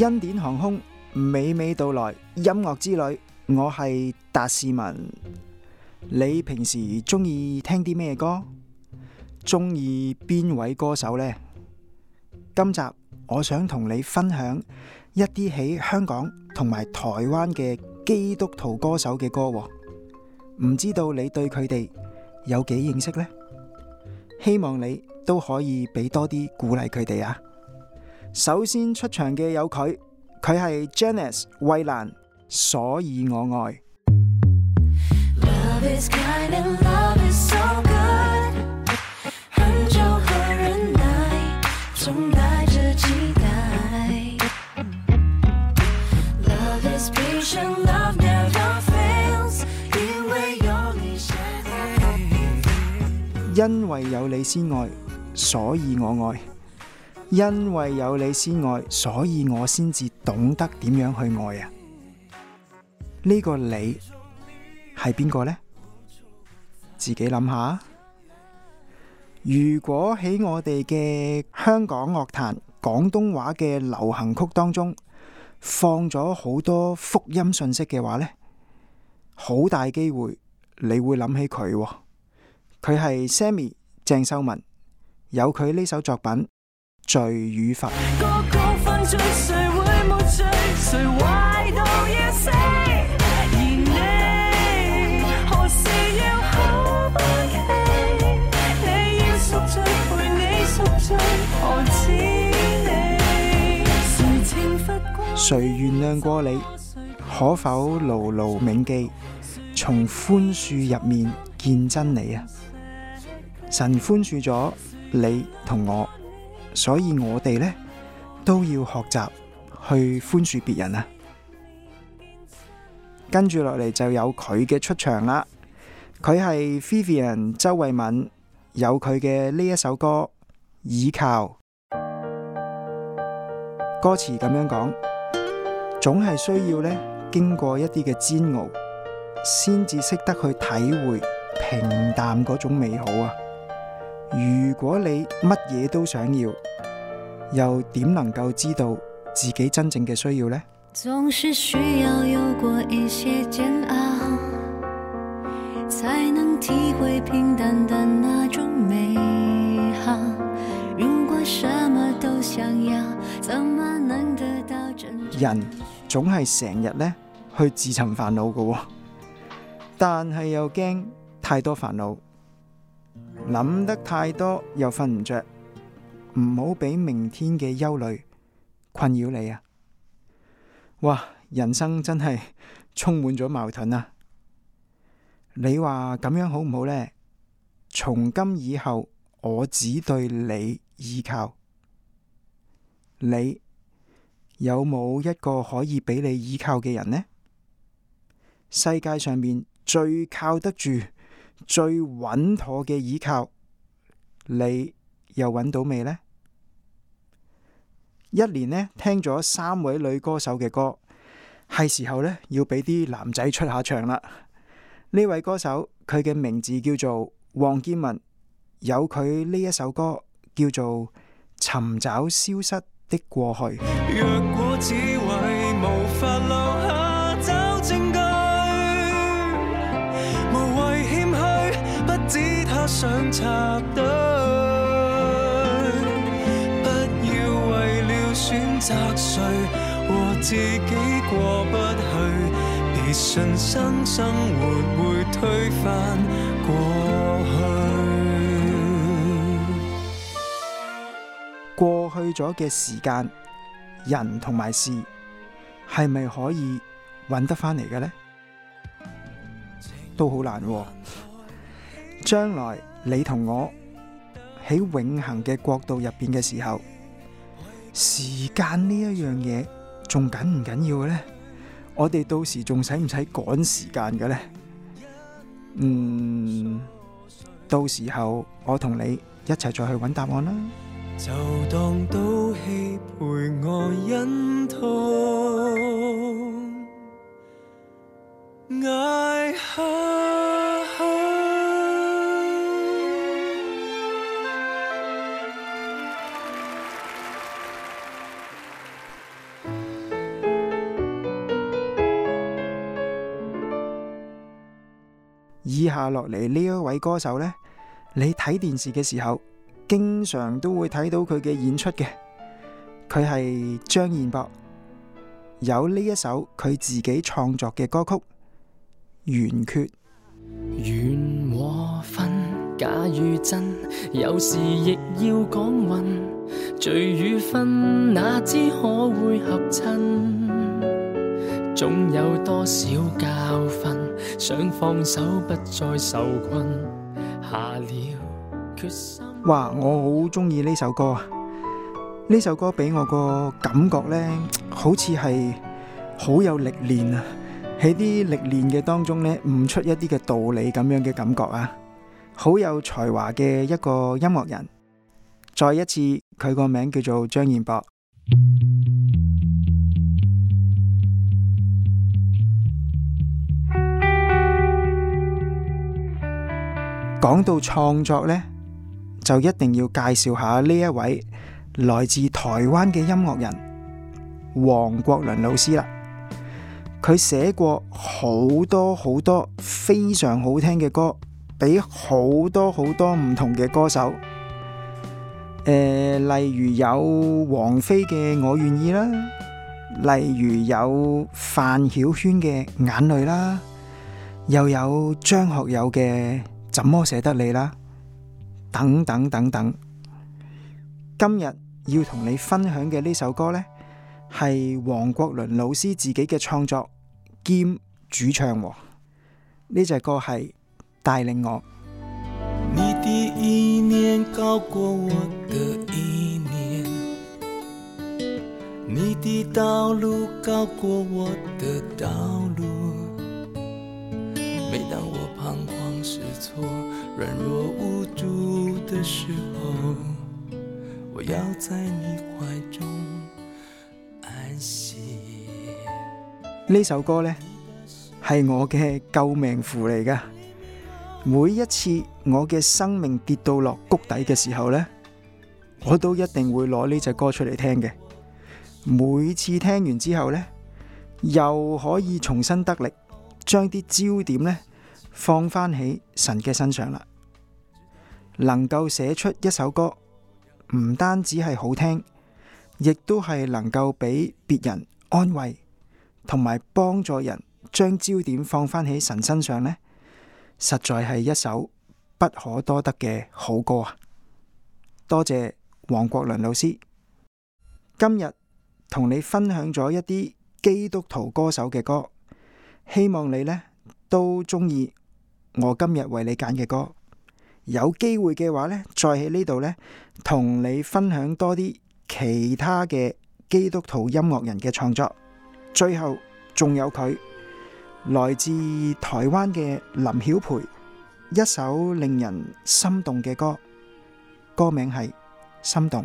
恩典航空娓娓道來音樂之旅，我係達士文。你平時中意聽啲咩歌？中意邊位歌手呢？今集我想同你分享一啲喺香港同埋台灣嘅基督徒歌手嘅歌。唔知道你對佢哋有幾認識呢？希望你都可以俾多啲鼓勵佢哋啊！首先出場嘅有佢，佢係 Janice 衛蘭，所以我愛。因為有你先愛，所以我愛。因為有你先愛，所以我先至懂得點樣去愛啊！呢個你係邊個呢？自己諗下。如果喺我哋嘅香港樂壇廣東話嘅流行曲當中，放咗好多福音信息嘅話呢，好大機會你會諗起佢。佢係 Sammy 鄭秀文，有佢呢首作品。罪與罰，誰原諒過你？可否牢牢銘記，從寬恕入面見真你啊？神寬恕咗你同我。所以我哋呢，都要學習去寬恕別人啊！跟住落嚟就有佢嘅出場啦。佢係 Vivian 周慧敏，有佢嘅呢一首歌《倚靠》。歌詞咁樣講：總係需要呢經過一啲嘅煎熬，先至識得去體會平淡嗰種美好啊！如果你乜嘢都想要，又點能夠知道自己真正嘅需要呢？總是需要有過一些煎熬才能體會平淡的那種美好，如果什麼都想要，怎麼能得到。人總係成日呢去自尋煩惱嘅，但係又驚太多煩惱，諗得太多又瞓唔着。唔好俾明天嘅憂慮困擾你啊！哇，人生真係充滿咗矛盾啊！你話咁樣好唔好呢？從今以後，我只對你依靠。你有冇一個可以俾你依靠嘅人呢？世界上面最靠得住、最穩妥嘅依靠，你又揾到未呢？一年咧聽咗三位女歌手嘅歌，係時候咧要俾啲男仔出下場啦。呢位歌手佢嘅名字叫做黃建文，有佢呢一首歌叫做《尋找消失的過去》。自己過去咗嘅時間、人同埋事，係咪可以揾得返嚟嘅呢？都好難啊。將來你同我喺永恆嘅國度入邊嘅時候。時間呢一樣嘢仲緊唔緊要嘅呢？我哋到時仲使唔使趕時間嘅呢？嗯，到時候我同你一齊再去揾答案啦。就當賭氣陪我忍痛。下落嚟呢一位歌手呢，你睇電視嘅時候，經常都會睇到佢嘅演出嘅。佢係張彥博，有呢一首佢自己創作嘅歌曲《緣缺》。緣和分，假如真，有時亦要講運，聚與分，哪知可會合襯？總有多少教訓，想放手不再受困，下了決心。哇，我好中意呢首歌啊！呢首歌俾我個感覺呢，好似係好有歷練啊！喺啲歷練嘅當中呢，悟出一啲嘅道理咁樣嘅感覺啊！好有才華嘅一個音樂人，再一次，佢個名叫做張彥博。講到創作呢，就一定要介紹下呢一位來自台灣嘅音樂人黃國倫老師啦。佢寫過好多好多非常好聽嘅歌，俾好多好多唔同嘅歌手。誒，例如有王菲嘅《我願意》啦，例如有范曉萱嘅《眼淚》啦，又有張學友嘅。怎麼捨得你啦，等等等等，今日要同你分享嘅呢首歌呢，係黃國倫老師自己嘅創作兼主唱喎，呢隻歌係帶領我。你的意念高過我的意念，你的道路高過我的道路。呢首歌呢，係我嘅救命符嚟噶。每一次我嘅生命跌到落谷底嘅時候呢，我都一定會攞呢隻歌出嚟聽嘅。每次聽完之後呢，又可以重新得力，將啲焦點呢。放返起神嘅身上啦，能夠寫出一首歌，唔單止係好聽，亦都係能夠俾別人安慰，同埋幫助人將焦點放返喺神身上呢，實在係一首不可多得嘅好歌啊！多謝黃國倫老師，今日同你分享咗一啲基督徒歌手嘅歌，希望你呢都中意。我今日為你揀嘅歌，有機會嘅話呢，再喺呢度呢，同你分享多啲其他嘅基督徒音樂人嘅創作。最後，仲有佢來自台灣嘅林曉培，一首令人心動嘅歌，歌名係《心動》。